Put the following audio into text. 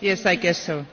yes i guess so.